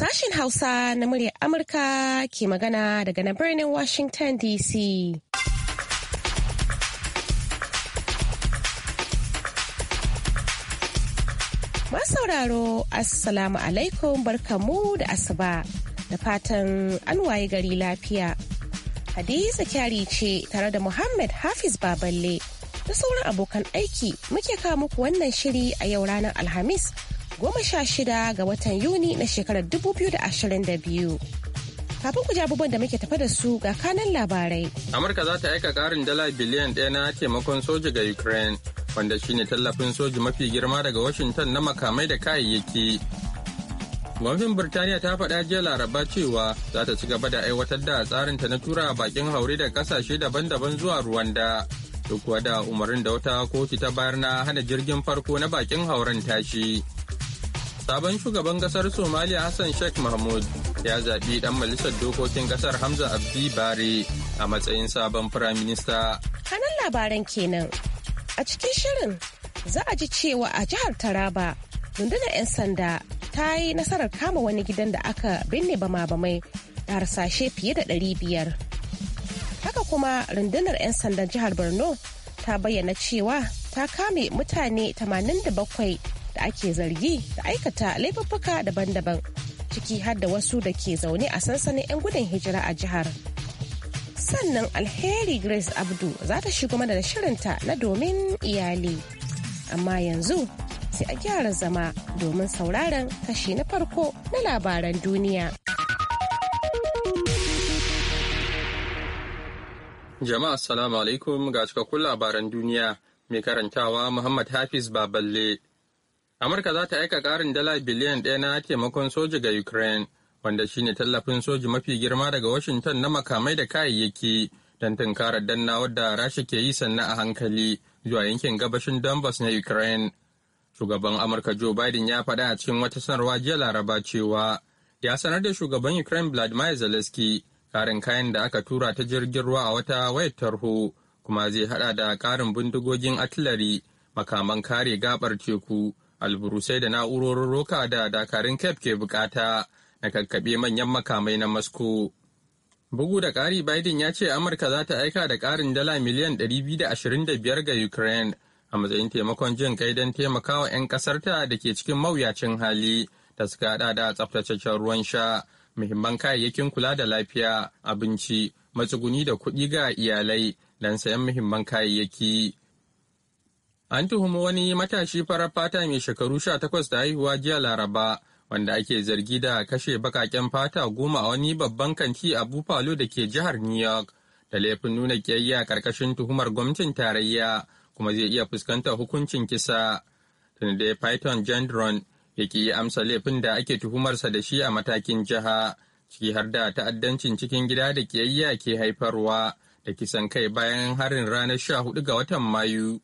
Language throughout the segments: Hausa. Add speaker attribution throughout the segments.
Speaker 1: Sashen Hausa na muryar Amurka ke magana daga na birnin Washington DC. sauraro Assalamu alaikum barkamu da asuba da fatan an waye gari lafiya. Hadiza kyari ce tare da Muhammad Hafiz Baballe da sauran abokan aiki muke kawo muku wannan shiri a yau ranar Alhamis goma sha shida ga watan Yuni na shekarar da ashirin biyu. Kafin ku ji abubuwan da muke tafa da su ga kanan labarai.
Speaker 2: Amurka za ta aika karin dala biliyan ɗaya na taimakon soja ga Ukraine, wanda shine tallafin soji mafi girma daga Washington na makamai da kayayyaki. Gwamnatin Birtaniya ta faɗa jiya laraba cewa za ta ci gaba da aiwatar da tsarin ta na tura bakin haure da ƙasashe daban-daban zuwa Ruwanda. Duk wada umarin da wata kotu ta bayar na hana jirgin farko na bakin hauren tashi. Sabon shugaban kasar Somalia Hassan Sheikh Mahmud ya zaɓi ɗan majalisar dokokin kasar Hamza Abdi Bare a matsayin sabon firaminista.
Speaker 1: Kanan labaran kenan. A cikin shirin za a ji cewa a jihar Taraba rundunar 'yan sanda ta yi nasarar kama wani gidan da aka binne bama-bamai da harsashe fiye da ɗari biyar. Haka kuma rundunar 'yan sandan jihar Borno ta bayyana cewa ta kame mutane 87 da ake zargi da aikata laifuffuka daban-daban ciki har da wasu da ke zaune a sansanin 'yan gudun hijira a jihar. Sannan alheri Grace Abdu za ta shigo mana da shirinta na domin iyali. Amma yanzu sai a gyara zama domin sauraron kashi na farko na labaran duniya.
Speaker 2: Jama'a salamu alaikum ga cikakkun labaran duniya mai karantawa Muhammad Hafiz Baballe. Amurka za ta aika ƙarin dala biliyan ɗaya na taimakon soji ga Ukraine, wanda shi ne tallafin soji mafi girma daga Washington na makamai da kayayyaki don tunkarar danna wadda Rasha ke yi sannan a hankali zuwa yankin gabashin Donbass na Ukraine. Shugaban Amurka Joe Biden ya faɗa a cikin wata sanarwa jiya Laraba cewa ya sanar da shugaban Ukraine Vladimir Zelensky ƙarin kayan da aka tura ta jirgin ruwa a wata wayar tarho kuma zai haɗa da ƙarin bindigogin artillery makaman kare gabar teku alburusai da na'urorin roka da dakarun kef ke bukata na kakkaɓe manyan makamai na masko. Bugu da ƙari Biden ya ce Amurka za ta aika da ƙarin dala miliyan 225 ga Ukraine a matsayin taimakon jin kai don taimakawa 'yan ƙasarta da ke cikin mawuyacin hali da suka haɗa da tsaftataccen ruwan sha, muhimman kayayyakin kula da lafiya, abinci, matsuguni da kuɗi ga iyalai don sayan muhimman kayayyaki. An tuhumi wani matashi farar fata mai shekaru sha takwas da haihuwa jiya Laraba, wanda ake zargi da kashe bakaken fata goma a wani babban kanti a bufalo da ke jihar New York, da laifin nuna kiyayya karkashin tuhumar gwamnatin tarayya, kuma zai iya fuskantar hukuncin kisa. Tunde Python Gendron ya yi amsa laifin da ake tuhumarsa da shi a matakin jiha, ciki har da ta'addancin cikin gida da kiyayya ke haifarwa, da kisan kai bayan harin ranar sha hudu ga watan Mayu.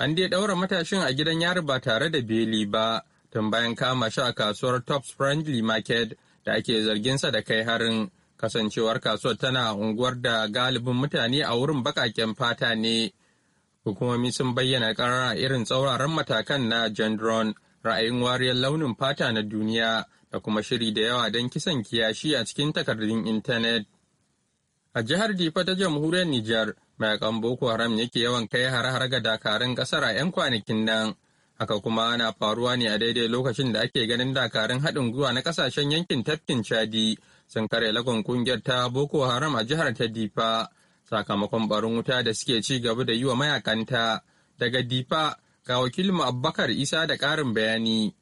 Speaker 2: An dai ɗaura matashin a gidan yari ba tare da beli ba tun bayan kama shi a kasuwar Tops Friendly Market da ake zarginsa da kai harin. Kasancewar kasuwar tana unguwar da galibin mutane a wurin bakaken fata ne. Hukumomi sun bayyana ƙarara irin tsauraran matakan na Gendron, ra'ayin wariyar launin fata na duniya da kuma shiri da yawa don kisan kiyashi a cikin takardun intanet. A jihar Difa ta jamhuriyar Nijar, mayakan Boko Haram yake yawan kai har-har ga dakarun ƙasar a 'yan kwanakin nan. Haka kuma na faruwa ne a daidai lokacin da ake ganin dakarun haɗin gwiwa na kasashen yankin tafkin Chadi sun kare lagon kungiyar ta Boko Haram a jihar ta Difa sakamakon barin wuta da suke ci gaba da yi wa mayakanta. Daga Difa ga wakilin Abubakar Isa da ƙarin bayani.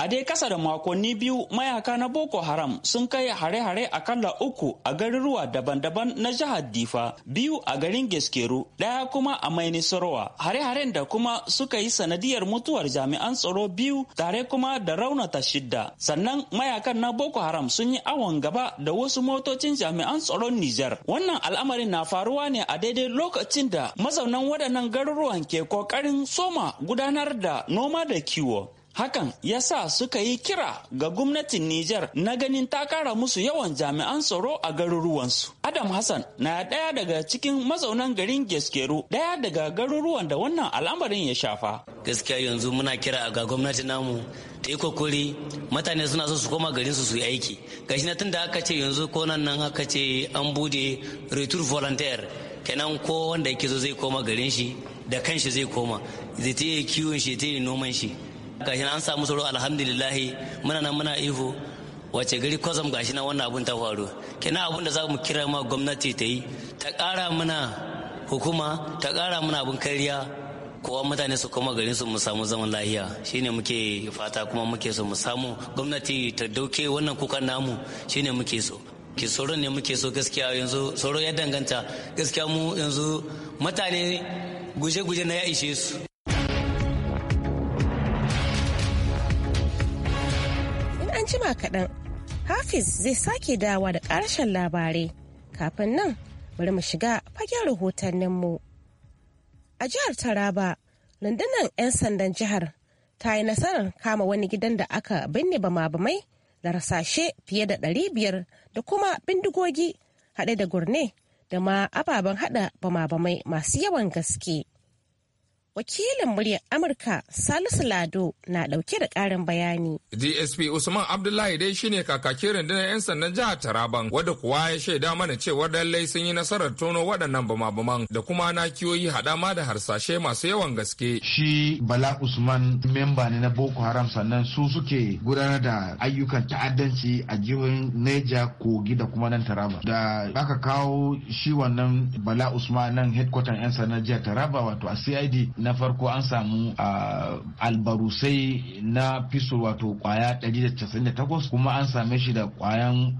Speaker 2: A dai kasa da makonni biyu mayaka na
Speaker 3: Boko Haram sun kai hare-hare a akalla uku a garuruwa daban-daban na jihar Difa, biyu a garin Geskeru, ɗaya kuma a Maini Sarowa. Hare-haren da kuma suka yi sanadiyar mutuwar jami'an tsaro biyu tare kuma da raunata shidda. Sannan mayakan na Boko Haram sun yi awon gaba da wasu motocin jami'an tsaron Nijar. Wannan al'amarin na faruwa ne a daidai lokacin da mazaunan waɗannan garuruwan ke ƙoƙarin soma gudanar da noma da kiwo. Hakan ya sa suka yi kira ga gwamnatin Nijar na ganin ta kara musu yawan jami'an tsaro a garuruwansu. Adam Hassan na ɗaya daga cikin mazaunan garin geskeru ɗaya daga garuruwan da wannan al'amarin ya shafa. Gaskiya yanzu muna kira ga gwamnati namu ta yi kokori mutane suna so su koma garin su su yi aiki. Gashi na tunda aka ce yanzu nan nan aka ce an bude retour volunteer kenan ko wanda yake zo zai koma garin shi da kanshi zai koma zai ta yi kiwon shi ta yi noman shi. gashi an samu tsoro alhamdulillah muna nan muna ihu wace gari kwazam gashi nan wannan abun ta faru kina abun da za mu kira ma gwamnati ta yi ta ƙara mana hukuma ta ƙara mana abun kariya kowa mutane su koma garin su mu samu zaman lahiya shine muke fata kuma muke so mu samu gwamnati ta dauke wannan kukan namu shine muke so ki tsoron ne muke so gaskiya yanzu tsoro ya danganta gaskiya mu yanzu mutane guje-guje na ya ishe su
Speaker 1: kaɗan hafiz zai sake dawa da ƙarshen labarai kafin nan bari mu shiga fagen rahotanninmu a jihar taraba rundunar 'yan sandan jihar ta yi nasarar kama wani gidan da aka binne bama-bamai da rasashe fiye da ɗari biyar da kuma bindigogi haɗe da gurne da ma ababen haɗa bama-bamai masu yawan gaske wakilin muryar amurka salisu lado na dauke da karin bayani
Speaker 4: dsp usman abdullahi dai shine kakakin rundunar 'yan sandan jihar taraban wadda kuwa ya shaida mana cewar lallai sun yi nasarar tono waɗannan bama-baman da kuma nakiyoyi haɗa ma da harsashe masu yawan gaske
Speaker 5: shi bala usman memba ne na boko haram sannan su suke gudanar da ayyukan ta'addanci a jihohin neja kogi da kuma nan taraba da aka kawo shi wannan bala usman nan headquarter 'yan sandan jihar taraba wato a cid na farko an samu albarusai na fiso wato kwaya 198 kuma an same shi da kwayan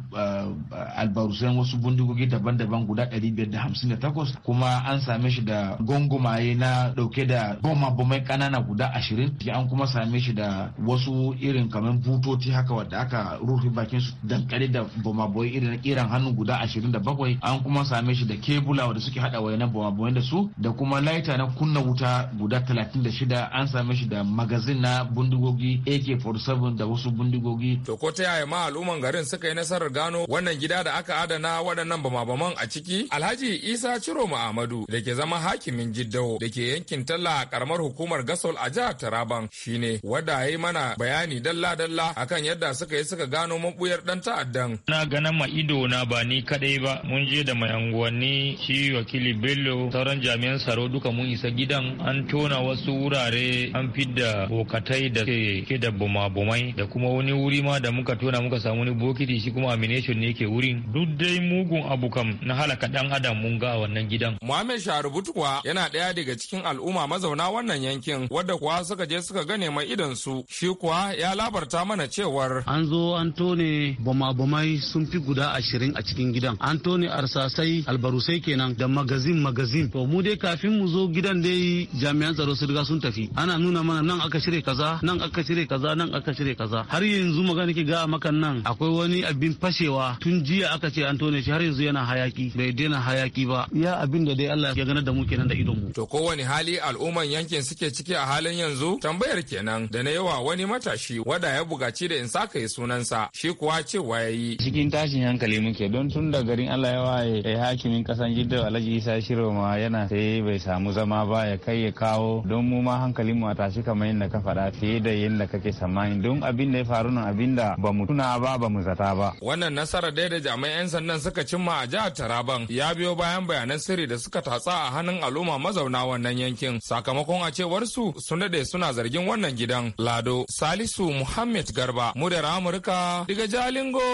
Speaker 5: albarusai wasu bindigogi daban-daban guda 558 kuma an same shi da gungumaye na dauke da goma bomai kanana guda 20 an kuma same shi da wasu irin kamar butoci haka wadda aka rufe bakin su dankare da boma-bomai irin na kiran hannu guda 27 an kuma same shi da kebula wadda suke hada wayanan boma-bomai da su da kuma laita na kunna wuta guda 36 an same shi da magazin na bindigogi AK47 da wasu bindigogi. To ko ta yaya ma al'umman
Speaker 4: garin suka yi nasarar gano wannan gida da aka adana waɗannan bama-baman a ciki? Alhaji Isa Ciro Muhammadu da ke zama hakimin Jiddawo da ke yankin Talla a karamar hukumar Gasol a jihar Taraban shine wadda ya yi mana bayani dalla-dalla akan yadda suka yi suka gano mabuyar dan ta'addan. Na gana ma ido na ba ni kadai ba mun je da mai anguwanni shi
Speaker 3: wakili Bello sauran jami'an tsaro duka mun isa gidan an tona wasu wurare an fidda bokatai da ke da bumabumai da kuma wani wuri ma da muka tona muka samu wani bokiti shi kuma amination ne ke wurin duk dai mugun abu kam na halaka dan adam mun ga wannan gidan.
Speaker 4: Muhammad Sharubutu kuwa yana ɗaya daga cikin al'umma mazauna wannan yankin wadda kuwa suka je suka gane mai idan su
Speaker 3: shi kuwa ya labarta mana cewar. An zo an tone bumabumai sun fi guda ashirin a cikin gidan an tone arsasai albarusai kenan da magazin magazin to mu dai kafin mu zo gidan dai jami'an tsaro sun riga sun tafi ana nuna mana nan aka shirya kaza nan aka shirya kaza nan aka shirya kaza har yanzu magana ke ga makan nan akwai wani abin fashewa tun jiya aka ce an tone shi har yanzu yana hayaki bai daina hayaki ba ya abin da dai Allah ya ganar da mu kenan da idonmu mu to kowane hali al'umman yankin suke ciki a
Speaker 4: halin yanzu tambayar kenan da na yawa wani matashi wada ya bugaci da in saka yi sunansa shi kuwa cewa yayi cikin tashin hankali muke don tun da garin Allah ya waye hakimin kasan jidda Alhaji Isa Shiro ma yana sai bai samu zama ba ya kai ya kawo don mu ma hankalin mu a tashi kamar yadda ka faɗa fiye da yadda kake tsammani don abin da ya faru nan abin da ba mu tuna ba ba mu zata ba. Wannan nasarar dai da jami'an sandan suka cimma a jihar Taraban ya biyo bayan bayanan sirri da suka tatsa a hannun al'umma mazauna wannan yankin sakamakon a cewar su sun daɗe suna zargin wannan gidan Lado Salisu Muhammad Garba da Amurka diga Jalingo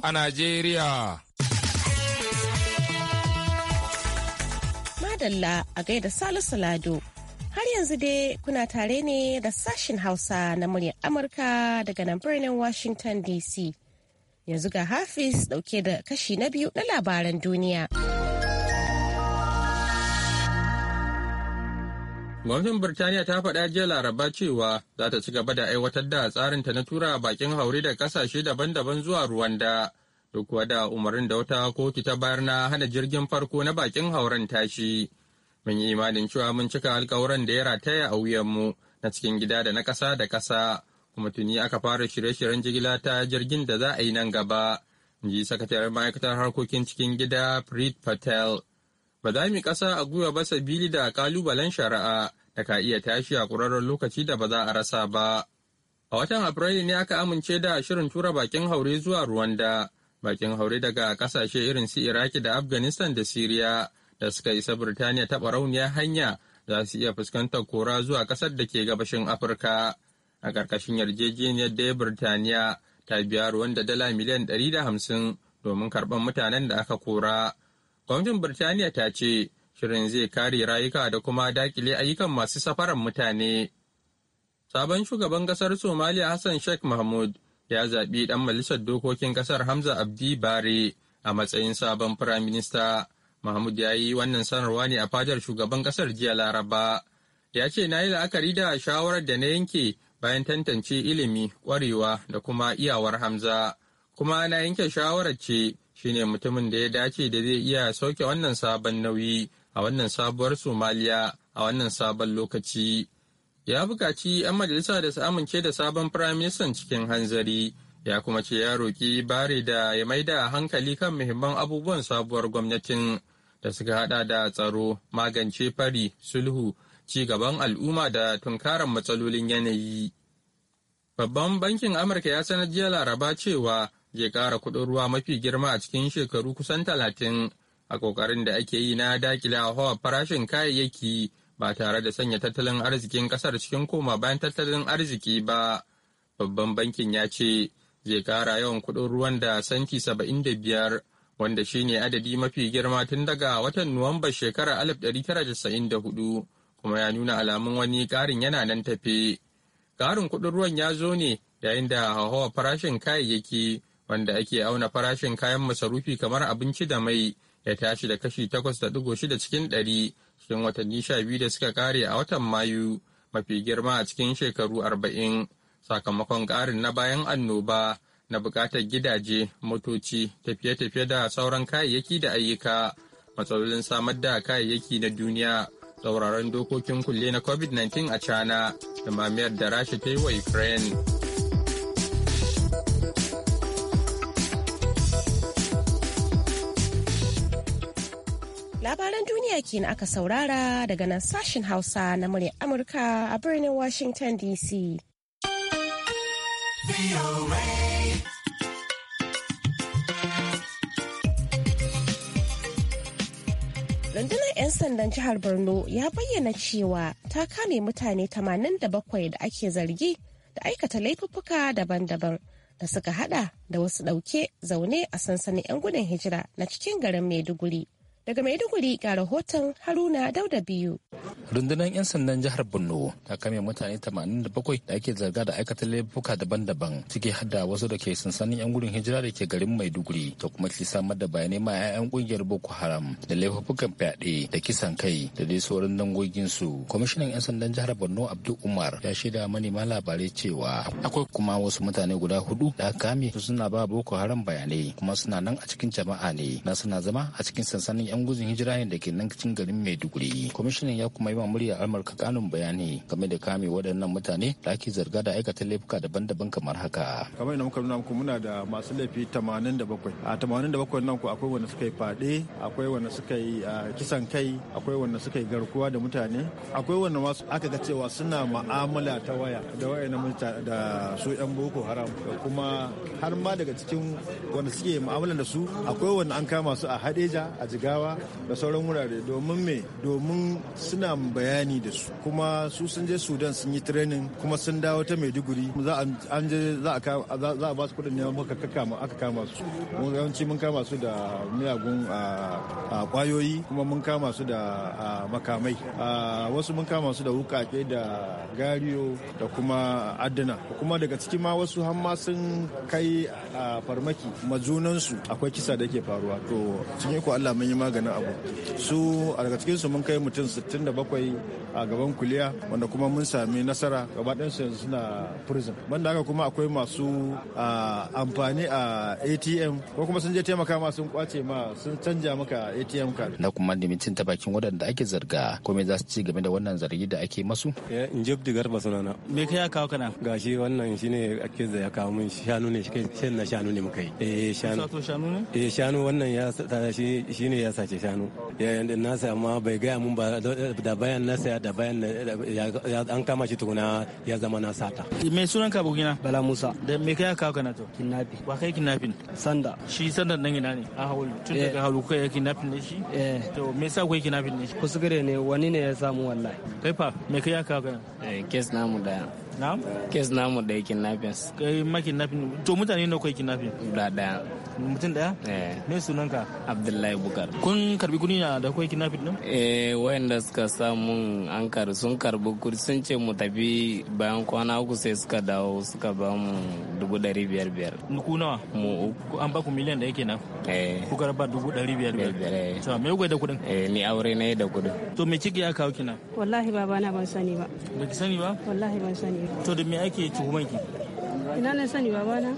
Speaker 4: a Najeriya.
Speaker 1: Madalla a gaida Salisu Lado. Har yanzu dai kuna tare ne da sashin Hausa na muryar Amurka daga nan birnin Washington DC. Yanzu ga Hafiz dauke da kashi na biyu na labaran duniya.
Speaker 2: Gwamnatin Birtaniya ta faɗa jiya Laraba cewa za ta ci gaba da aiwatar da tsarinta na tura bakin haure da kasashe daban-daban zuwa Ruwanda. Duk da umarnin da wata kotu ta bayar na hana jirgin farko na bakin hauren tashi. Mun yi imanin cewa mun cika alkawuran da ya rataya a mu na cikin gida da na ƙasa da ƙasa, kuma tuni aka fara shirye-shiryen jigila ta jirgin da za a yi nan gaba, in ji sakataren ma'aikatar harkokin cikin gida Preet Patel. Ba za mu ƙasa a gwiwa ba sabili da ƙalubalen shari'a da ka iya tashi a ƙurarren lokaci da ba za a rasa ba. A watan Afrilu ne aka amince da shirin tura bakin haure zuwa ruwanda bakin haure daga ƙasashe irin su Iraki da Afghanistan da Siriya. da suka isa Birtaniya ta barauniya hanya za su iya fuskantar kora zuwa ƙasar da ke gabashin Afirka. A ƙarƙashin yarjejeniyar da Birtaniya ta biya ruwan da dala miliyan ɗari da hamsin domin karɓar mutanen da aka kora. Gwamnatin Birtaniya ta ce shirin zai kare rayuka da kuma dakile ayyukan masu safaran mutane. Sabon shugaban ƙasar Somaliya Hassan Sheikh Mahmud ya zaɓi ɗan majalisar dokokin ƙasar Hamza Abdi Bare a matsayin sabon firaminista Mahmud ya yi wannan sanarwa ne a fadar shugaban kasar jiya Laraba. Ya ce na yi la'akari da shawarar da na yanke bayan tantance ilimi, ƙwarewa da kuma iyawar Hamza. Kuma na yanke shawarar ce shine mutumin da ya dace da zai iya sauke wannan sabon nauyi a wannan sabuwar Somaliya a wannan sabon lokaci. Ya buƙaci 'yan majalisa da su amince da sabon firaministan cikin hanzari. ya kuma ce ya roƙi bare da ya maida hankali kan muhimman abubuwan sabuwar gwamnatin da suka hada da tsaro magance fari sulhu ci gaban al'umma da tunkarar matsalolin yanayi babban bankin amurka ya sanar jiya laraba cewa zai kara kudin ruwa mafi girma a cikin shekaru kusan talatin a kokarin da ake yi na dakile hawa farashin kayayyaki ba tare da sanya tattalin arzikin kasar cikin koma bayan tattalin arziki ba babban bankin ya ce zai kara yawan kudin ruwan da santi saba'in da biyar wanda shine adadi mafi girma tun daga watan Nuwamba shekarar 1994 kuma ya nuna alamun wani ƙarin yana nan tafe. Ƙarin kuɗin ruwan ya zo ne yayin da hauhawar farashin kayayyaki wanda ake auna farashin kayan masarufi kamar abinci da mai ya tashi da kashi da shida cikin ɗari, cikin watanni sha biyu da suka kare a watan Mayu mafi girma a cikin shekaru arba'in sakamakon ƙarin na bayan annoba na buƙatar gidaje, motoci, tafiye-tafiye da sauran kayayyaki da ayyuka, matsalolin samar da kayayyaki na duniya, tsauraran dokokin kulle na COVID-19 a China da mamayar da Rasha ta yi wa Ukraine.
Speaker 1: Labaran duniya kena aka saurara daga nan sashen Hausa na muryar Amurka a birnin Washington DC. rundunar 'yan sandan jihar borno ya bayyana cewa ta kame mutane 87 da ake zargi da aikata laifuffuka daban-daban da suka hada da wasu dauke zaune a sansanin 'yan gudun hijira na cikin garin maiduguri Daga Maiduguri ga rahoton Haruna Dauda biyu.
Speaker 3: Rundunar 'yan sandan jihar Borno ta kame mutane 87 da ake zarga da aikata laifuka daban-daban ciki har da wasu da ke sansanin 'yan gudun hijira da ke garin Maiduguri da kuma ke samar da bayanai ma 'ya'yan kungiyar Boko Haram da laifukan fyaɗe da kisan kai da dai sauran dangogin su. Kwamishinan 'yan sandan jihar Borno Abdul Umar ya shaida manema labarai cewa akwai kuma wasu mutane guda hudu da aka kame suna ba Boko Haram bayanai kuma suna nan a cikin jama'a ne na suna zama a cikin sansanin 'yan gudun hijira ne da ke nan cikin garin Maiduguri. Kwamishinan ya kuma yi wa murya Amurka kanun bayani game da kame waɗannan mutane da ake zarga da aikata laifuka daban-daban kamar haka.
Speaker 5: Kamar yadda muka nuna muku muna da masu laifi 87. A 87 nan ku akwai wanda suka yi faɗe, akwai wanda suka yi kisan kai, akwai wanda suka yi garkuwa da mutane, akwai wanda masu. aka ga cewa suna ma'amala ta waya da wayannan da su 'yan Boko Haram da kuma har ma daga cikin wanda suke mu'amala da su akwai wanda an kama su a Hadeja a Jigawa nasarawa da sauran wurare domin me domin suna bayani da su kuma su sun je sudan sun yi training kuma sun dawo ta maiduguri za an je za a ba su kudin ne aka kama su mun yawanci mun kama su da miyagun kwayoyi kuma mun kama su da makamai wasu mun kama su da wukake da gariyo da kuma adana kuma daga ciki ma wasu ma sun kai farmaki majunansu akwai kisa da ke faruwa to cikin ku Allah mun yi maganin abu su a daga cikin su mun kai mutum 67 a gaban kuliya wanda kuma mun sami nasara gaba su yanzu suna prison banda haka kuma akwai masu amfani a atm ko kuma sun je taimaka ma sun kwace ma sun canja maka atm card
Speaker 3: na kuma limitin ta bakin waɗanda ake zarga ko me za su ci game da wannan zargi da ake masu
Speaker 5: in jibdi garba sunana me
Speaker 3: kai ya kawo kana gashi wannan shine ake zaya ya kawo min shanu ne shi na shanu ne muka yi eh shanu shanu ne eh shanu wannan ya shi ne ya sa sace shanu da na saya amma bai gaya mun ba da bayan nasa saya da bayan an kama shi tukuna ya zama na sata me sunan ka bugina bala musa da me kai ka kana to kinnafi wa kai kinnafin sanda shi sanda nan ina ne a hawul tun daga eh. hawul kai kinnafin ne shi eh to me sa kai kinnafin ne shi kuskure ne wani ne ya samu wallahi kai fa me kai ka kana eh kes namu da na'am kes namu da kinnafin. kai ma kinnafin to mutane ne kai kinnafin da da mutum daya ne eh. sunanka abdullahi bukar kun karbi kudi na da kuwa kidnapping din eh wayanda suka samu an kar sun karbi kudi sun ce mu tafi bayan kwana uku sai suka dawo suka ba mu dubu dari biyar biyar ku nawa mu uku an ba ku miliyan da yake na eh ku karba dubu dari biyar biyar eh. to me kuka da kudin eh ni aure ne da kudin to me kike ya kawo kina
Speaker 6: wallahi baba na ban sani ba
Speaker 3: ba ki sani ba
Speaker 6: wallahi ban sani
Speaker 3: ba to da me ake tuhumanki
Speaker 6: Ina na sani babana.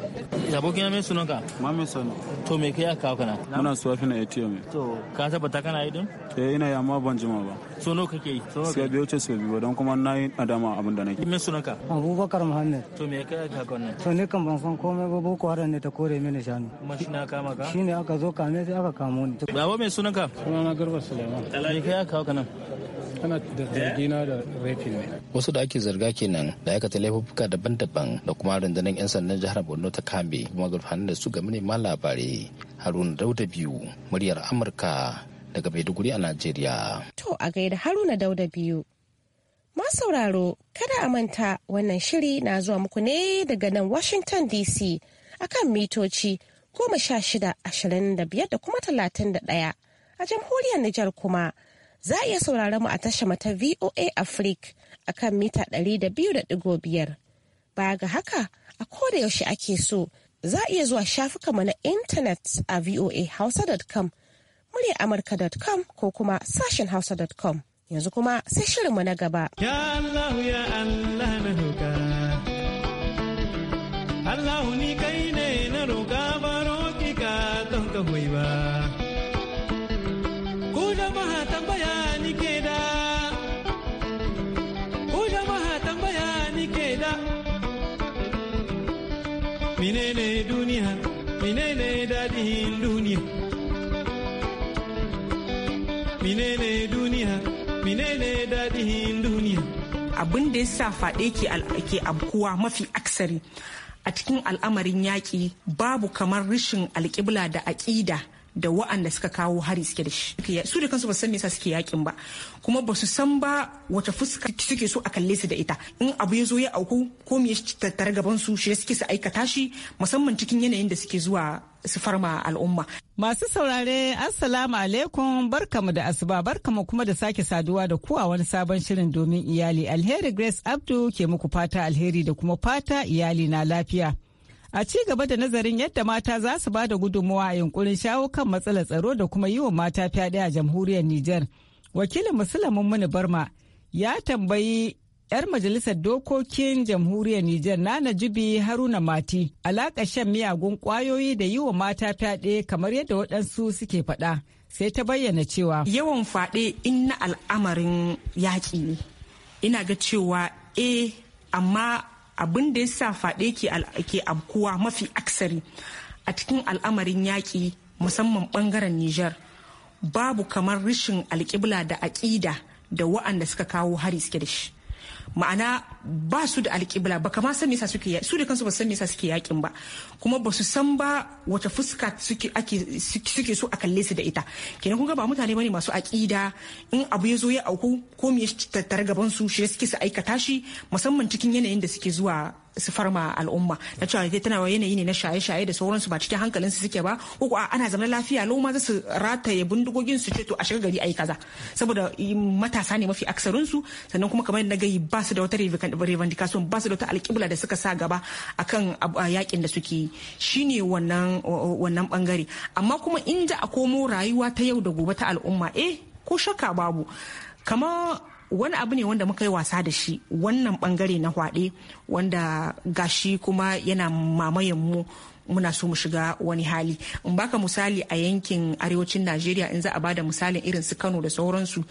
Speaker 3: Abokina mai sunanka? Mami sani. To me kai aka kawo kana? Muna suwafi na ATM. To ka tabbata kana yi din? Eh na yi amma ban jima ba. So nawa kake yi? Sai biyo ce sai biyo don kuma na yi adama abin da nake. Mai sunanka? Abubakar Muhammad. To me kai aka kawo nan? To ne kan ban san komai ba boko haram ne ta kore mini shanu. Kuma shi na kama ka? Shi ne aka zo kame sai aka kamo ni. Baba mai sunanka? Sunana Garba Suleiman. Alai kai aka kawo kana? tana da zargina da rafin ne wasu da ake zarga kenan da aikata laifuka daban-daban da kuma rundunar 'yan sandan jihar borno ta kame kuma gurfanar da su ga manema labarai haruna dauda biyu muryar amurka daga maiduguri a najeriya
Speaker 1: to a gaida haruna dauda biyu sauraro kada a manta wannan shiri na zuwa muku ne daga nan washington dc akan mitoci goma sha shida ashirin da biyar da kuma talatin da ɗaya a jamhuriyar nijar kuma Za a iya sauraron mu a tasha mata VOA Africa a kan mita 200.5. Baya ga haka, a koda yaushe ake so, za a iya zuwa shafukanmu na intanet a voahausa.com, amurka.com ko kuma sashen hausa.com. Yanzu kuma sai shirinmu na gaba. Ya Allah ya Allah
Speaker 3: na Allah ni kai ne na roƙa baro ki ka don ka ba. da ya sa faɗe
Speaker 7: ke abkuwa mafi aksari a cikin al'amarin yaƙi babu kamar rashin alƙibla da aƙida da wa'anda suka kawo hari suke da shi su da kansu ba san me yasa suke yakin ba kuma ba su san ba wata fuska suke so a kalle su da ita in abu ya zo ya auku ko me tattare gaban su shi suke su aikata shi musamman cikin yanayin da suke zuwa su farma al'umma masu saurare assalamu alaikum barkamu da asuba barkamu
Speaker 6: kuma da sake saduwa da kuwa wani sabon shirin domin iyali alheri grace abdu ke muku fata alheri da kuma fata iyali na lafiya a ci gaba da nazarin yadda mata za su ba da gudunmawa a yunkurin shawo kan matsalar tsaro da kuma yi wa mata fyaɗe a jamhuriyar Nijar. Wakilin Musulamin Muni Barma ya tambayi 'yar majalisar dokokin jamhuriyar Nijar Nana Jubi Haruna Mati alaƙa shan miyagun ƙwayoyi da yi wa mata fyaɗe kamar yadda waɗansu suke faɗa. Sai ta bayyana cewa. Yawan faɗe
Speaker 7: in na al'amarin yaƙi ne. Ina ga cewa eh amma abin da ya sa faɗe ke abkuwa mafi aksari a cikin al'amarin yaƙi musamman ɓangaren Nijar babu kamar rashin alƙibla da aƙida da wa'anda suka kawo hari suke da shi. Ma'ana ba su da alƙibla ba kama san me suke su da kansu ba san me suke yakin ba kuma ba su san ba wata fuska suke so a kalle su da ita kenan kun ga ba mutane bane masu aƙida in abu ya zo ya auku ko me tattare gaban su shi suke su aikata shi musamman cikin yanayin da suke zuwa su farma al'umma na cewa dai tana yanayi ne na shaye-shaye da sauransu ba cikin hankalin su suke ba ko ana zama lafiya lau ma za su rataye bindigogin su ce to a shiga gari yi kaza saboda mm, matasa ne mafi aksarin su sannan kuma kamar na gayi ba su da wata revendication ba su da ta alƙibla da suka sa gaba akan yakin da suke yi shine wannan wannan bangare amma kuma inda a komo rayuwa ta yau da gobe ta al'umma eh ko shakka babu kama wani abu ne wanda muka yi wasa da shi wannan bangare na hwaɗe wanda gashi kuma yana mamayen mu muna so mu shiga wani hali in baka misali a yankin arewacin najeriya in za a bada misalin irin su kano da sauransu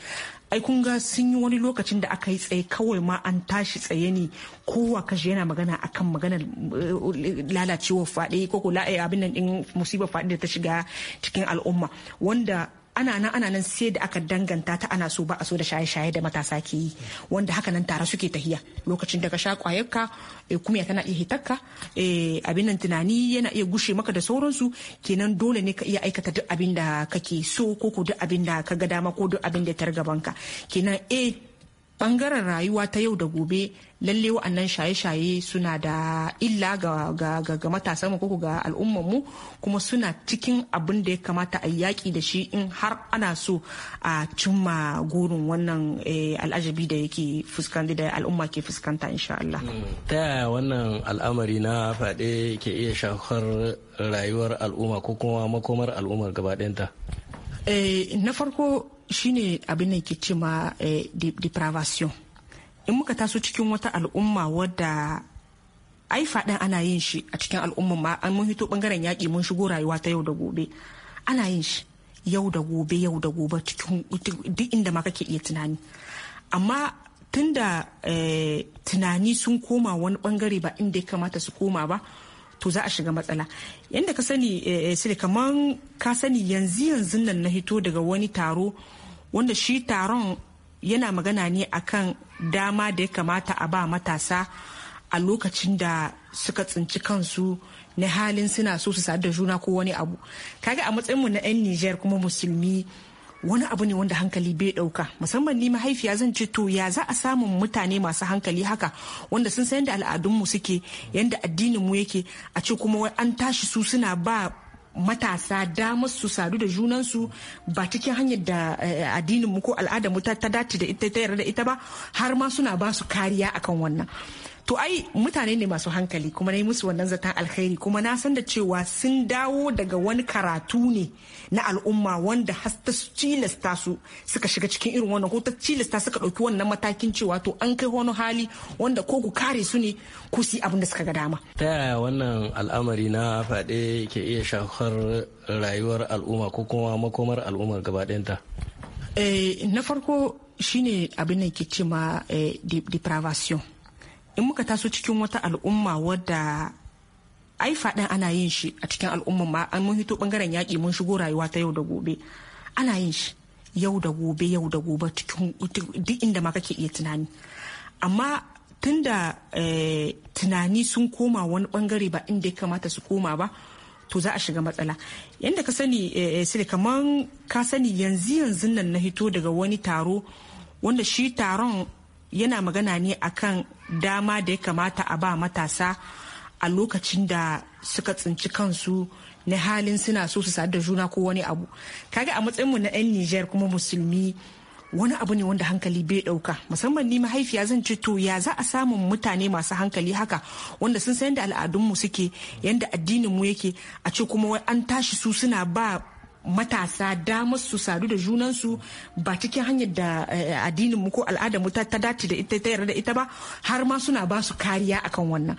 Speaker 7: ai kun ga sun yi wani lokacin da aka yi tsaye kawai ma an tashi tsaye ne kowa kashi yana magana akan maganar eh, lalacewar fade ko ko eh, abin nan din musibar fade da ta shiga cikin al'umma wanda ana nan ana nan sai da aka danganta ta ana so ba a so da shaye-shaye da matasa ke yi wanda haka nan tare suke tahiya lokacin da ka sha kwayarka eh, kuma tana iya hitarka eh, abin nan tunani yana iya gushe maka da sauransu kenan dole ne ka iya aikata duk abin da kake so ko ko duk abin da ka ga dama ko duk abin da ya ka kenan eh bangaren rayuwa ta yau da gobe lalle wa'annan shaye-shaye suna da illa ga, ga, ga, ga matasan mu ko ga al'ummar mu kuma suna cikin abin da ya kamata a yaƙi da shi in har ana so a cimma gurin wannan eh, al'ajabi da yake fuskanta da al'umma ke fuskanta insha Allah. Hmm.
Speaker 3: ta yaya wannan al'amari na faɗe ke iya shafar rayuwar al'umma ko kuma makomar al'ummar gaba ɗayanta?
Speaker 7: Eh, na farko shine abin da ke cima ma eh, depravation in muka taso cikin wata al'umma wadda ai faɗin ana yin shi a cikin al'umma ma an mun hito bangaren yaƙi mun shigo rayuwa ta yau da gobe ana yin shi yau da gobe yau da gobe cikin duk inda ma kake iya tunani amma tunda eh, tunani sun koma wani bangare ba inda ya kamata su koma ba to za a shiga matsala yadda ka sani eh, eh, sile kamar ka sani yanzu yanzu nan na hito daga wani taro wanda shi taron yana magana ne akan dama da ya kamata a ba matasa a lokacin da suka tsinci kansu na halin suna so su sadu da juna ko wani abu kaga a mu na 'yan niger kuma musulmi wani abu ne wanda hankali bai dauka musamman ni mahaifiya zan ce to ya za a samun mutane masu hankali haka wanda sun san yadda al'adunmu suke yadda addininmu yake a ce kuma an tashi su suna ba matasa damar su sadu da junansu ba cikin hanyar da eh, addininmu ko al'adarmu ta dace da ita ta yarda da ita ba har ma suna ba su kariya akan wannan to ai mutane ne masu hankali kuma na yi musu wannan zaton alkhairi kuma na san da cewa sun dawo daga wani karatu ne na al'umma wanda har ta cilasta su suka shiga cikin irin wannan ko ta cilasta suka ɗauki wannan matakin cewa to an kai wani hali wanda ko ku kare su ne ku si abin da suka ga dama.
Speaker 3: ta yaya wannan al'amari na faɗe ke iya shafar rayuwar al'umma ko kuma makomar al'ummar gaba ɗayanta.
Speaker 7: Eh, na farko shine abin da ke ce ma eh, depravation in muka taso cikin wata al'umma wadda ai faɗin ana yin shi a cikin al'umma ma an mun hito bangaren yaƙi mun shigo rayuwa ta yau da gobe ana yin shi yau da gobe yau da gobe cikin duk inda ma kake iya tunani amma tunda eh, tunani sun koma wani bangare ba inda ya kamata su koma ba to za a shiga matsala yadda ka sani eh, eh, sai kamar ka sani yanzu yanzu nan na hito daga wani taro wanda shi taron yana magana ne akan dama da ya kamata a ba matasa a lokacin da suka tsinci kansu na halin suna so su sadar juna ko wani abu kaga a mu na 'yan nijar kuma musulmi wani abu ne wanda hankali bai dauka musamman ni mahaifiya zan ce to ya za a samun mutane masu hankali haka wanda sun san yadda al'adunmu suke yanda addininmu yake a ce kuma an tashi su suna ba matasa damar su sadu da junansu ba cikin hanyar da eh, addinin mu ko al'adar mu ta dace da ita ta yarda da ita ba har ma suna ba su kariya akan wannan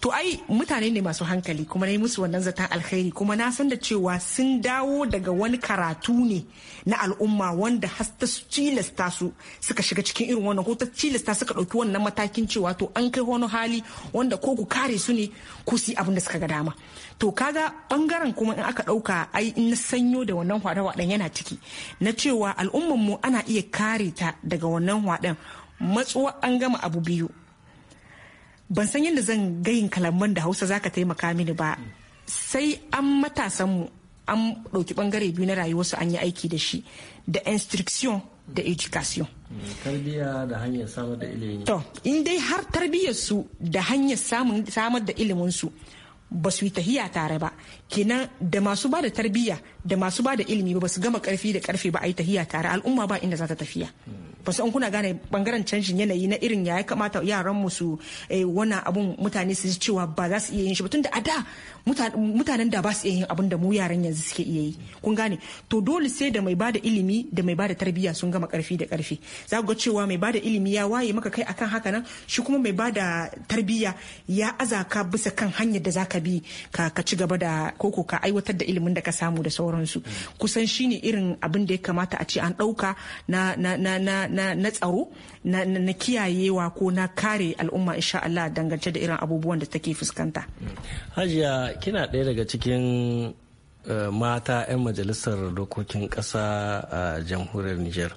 Speaker 7: to ai mutane ne masu hankali kuma na yi musu wannan zaton alkhairi kuma na san da cewa sun dawo daga wani karatu ne na al'umma wanda har ta cilasta su suka shiga cikin irin wannan ko ta cilasta suka ɗauki wannan matakin cewa to an kai wani hali wanda ko ku kare su ne ko su abin da suka ga dama to kaga bangaren kuma in aka ɗauka ai in na sanyo da wannan hwaɗe-hwaɗen yana ciki na cewa al'umman mu ana iya kare ta daga wannan hwaɗen matsuwa an gama abu biyu ban san yadda zan gayin kalaman da hausa zaka taimaka mini ba sai an matasanmu an ɗauki ɓangare biyu na rayuwarsu an yi aiki da shi da instruction da education.
Speaker 3: Mm, tarbiyya da hanyar samar da ilimi. To,
Speaker 7: in dai har tarbiyyarsu da hanyar samar da iliminsu ba su yi tahiya tare ba kenan da masu ba da tarbiyya da masu ba da ilimi ba su gama karfi da karfe ba a yi tahiya tare al'umma ba inda za ta tafiya. Mm. ba su kuna gane bangaren canjin yanayi na irin ya kamata yaran mu su eh, wani abun mutane su ji cewa ba za su iya yin shi ba da a da mutanen da ba su iya yin abun da mu yaran yanzu suke iya yi kun gane to dole sai da mai bada ilimi da mai bada tarbiyya sun gama karfi da karfi za ku ga cewa mai bada ilimi ya waye maka kai akan haka nan shi kuma mai bada tarbiyya ya azaka bisa kan hanyar da zaka bi ka ci gaba da koko ka aiwatar da ilimin da ka samu da sauransu kusan shine irin abin da ya kamata a ce an ɗauka na na na na tsaro na, kiyayewa ko na kare al'umma insha Allah dangance da irin abubuwan da take fuskanta.
Speaker 3: Hajiya kina ɗaya daga cikin eh, mata 'yan majalisar dokokin ƙasa a jamhuriyar Nijar.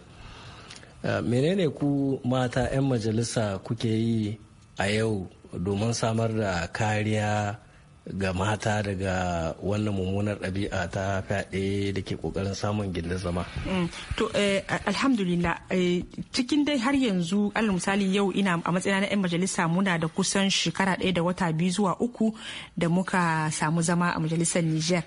Speaker 3: Eh, menene ku mata 'yan majalisa kuke yi a yau domin samar da kariya ga mata daga wannan mummunar ɗabi'a ta fyaɗe da ke ƙoƙarin samun gindin zama. Mm. To eh, alhamdulillah
Speaker 7: eh, cikin dai har yanzu allah misali yau ina a matsayina na 'yan majalisa muna da kusan shekara ɗaya da wata biyu zuwa uku da muka samu zama a majalisar Niger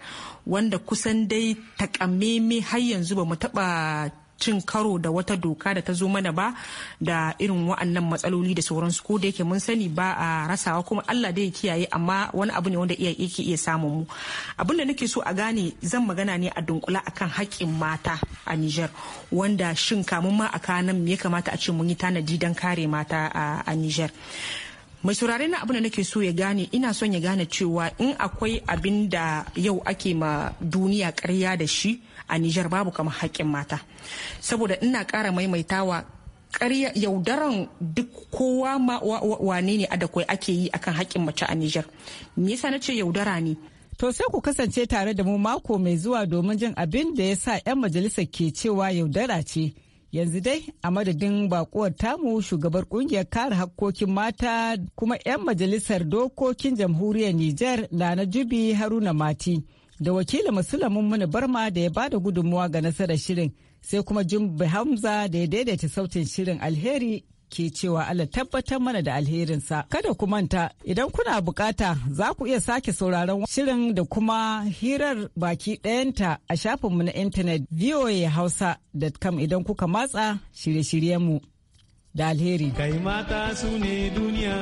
Speaker 7: wanda kusan dai takamaimai har yanzu ba mu taɓa cin karo da wata doka da ta zo mana ba da irin wa'annan matsaloli da sauransu ko da yake mun sani ba a rasawa kuma Allah da ya kiyaye amma wani abu ne wanda iya yake iya samun mu abinda nake so a gane zan magana ne a dunkula akan haƙƙin mata a Niger wanda shin kamun ma a kanan me ya kamata a ce mun yi tanadi don kare mata a Niger mai saurare na abinda da nake so ya gane ina son ya gane cewa in akwai abin da yau ake ma duniya ƙarya da shi a Nijar babu kamar haƙƙin mata saboda ina ƙara maimaitawa ƙarya yaudaran duk kowa ma wane ne a da ake yi akan haƙƙin mace a Nijar me yasa na ce yaudara ne To sai ku kasance tare da mu
Speaker 6: mako mai zuwa domin jin abin da ya sa 'yan majalisa ke cewa yaudara ce. Yanzu dai a madadin bakuwar tamu shugabar kungiyar kare hakkokin mata kuma 'yan majalisar dokokin jamhuriyar Nijar na Jubi Haruna Mati. da wakilin musulmin muni barma da ya bada gudunmuwa ga nasarar shirin sai kuma jimbi hamza da ya daidaita sautin shirin alheri ke cewa Allah tabbatar mana da alherinsa. Kada ku manta idan kuna bukata za ku iya sake sauraron shirin da kuma hirar baki ɗayanta a shafinmu na intanet voahausa.com idan kuka matsa shirye-shiryenmu da alheri. Kai
Speaker 3: su ne duniya,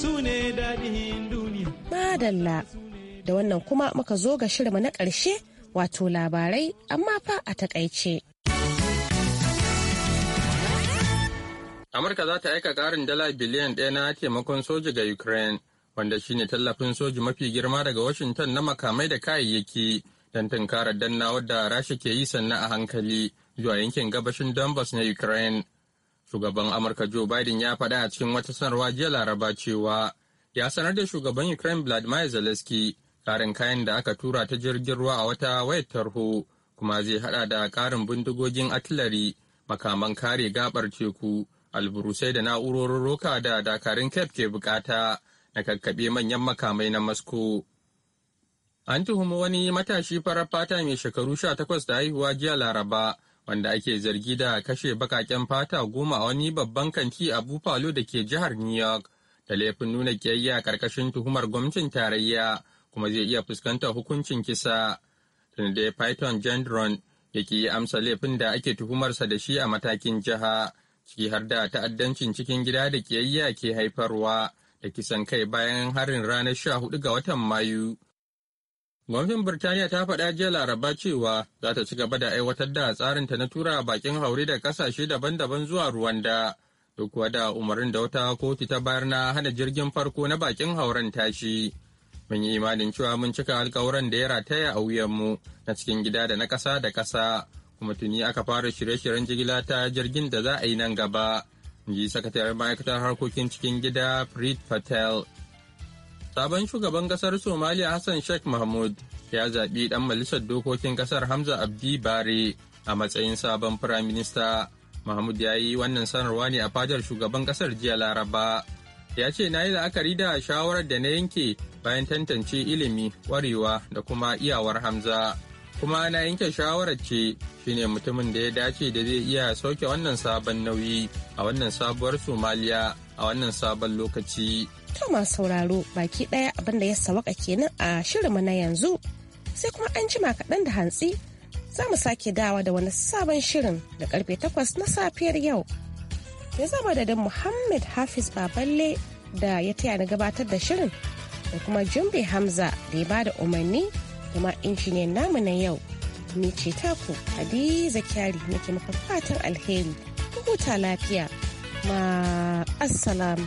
Speaker 3: su ne daɗin duniya.
Speaker 1: Madalla. da wannan kuma muka zo ga shirma na ƙarshe wato labarai amma fa a takaice.
Speaker 2: Amurka za ta aika ƙarin dala biliyan ɗaya na taimakon soja ga Ukraine, wanda shine tallafin soji mafi girma daga Washington na makamai da kayayyaki don tunkarar dannawar wadda Rasha ke yi sannan a hankali zuwa yankin gabashin Donbass na Ukraine. Shugaban Amurka Joe Biden ya faɗa a cikin wata sanarwa jiya Laraba cewa ya sanar da shugaban Ukraine Vladimir Zelensky Tarin kayan da aka tura ta jirgin ruwa a wata wayar tarho kuma zai hada da ƙarin bindigogin atilari makaman kare gabar teku, alburusai da na'urorin roka da dakarun kef ke bukata na kakkaɓe manyan makamai na Masko. An tuhumi wani matashi farar fata mai shekaru sha takwas da haihuwa jiya Laraba, wanda ake zargi da kashe bakaken fata goma a wani babban kanti a bufalo da ke jihar New York, da laifin nuna kiyayya karkashin tuhumar gwamnatin tarayya kuma zai iya fuskantar hukuncin kisa da python gendron ya ki amsa laifin da ake tuhumarsa da shi a matakin jiha ciki har da ta'addancin cikin gida da kiyayya ke haifarwa da kisan kai bayan harin ranar sha hudu ga watan mayu Gwamnatin Birtaniya ta faɗa jiya Laraba cewa za ta ci gaba da aiwatar da tsarinta na tura bakin haure da ƙasashe daban-daban zuwa Ruwanda, duk da umarnin da wata kotu ta bayar na hana jirgin farko na bakin hauren tashi. mun yi imanin cewa mun cika alkawuran da ya rataya a mu. na cikin gida da na ƙasa da ƙasa kuma tuni aka fara shirye-shiryen jigila ta jirgin da za a yi nan gaba ji sakataren ma'aikatar harkokin cikin gida Preet Patel. Sabon shugaban ƙasar Somaliya Hassan Sheikh Mahmud ya zaɓi ɗan majalisar dokokin ƙasar Hamza Abdi Bare a matsayin sabon firaminista. Mahmud ya yi wannan sanarwa ne a fadar shugaban ƙasar jiya Laraba. Ya ce na yi la'akari da shawarar da na yanke bayan tantance ilimi kwarewa da kuma iyawar hamza kuma na yanke shawarar ce shine mutumin da ya dace da zai iya sauke wannan sabon nauyi a wannan sabuwar somaliya a wannan sabon lokaci to masu
Speaker 1: sauraro baki daya abinda ya sawaka kenan a shirinmu na yanzu sai kuma an jima kaɗan da hantsi za mu sake dawa da wani sabon shirin da karfe takwas na safiyar yau ya zama da muhammad hafiz baballe da ya taya ni gabatar da shirin da kuma jumbe hamza da ya bada umarni kuma injiniyan namu na yau ni ce taku hadiza kyari nake maka fatan alheri huta lafiya ma assalamu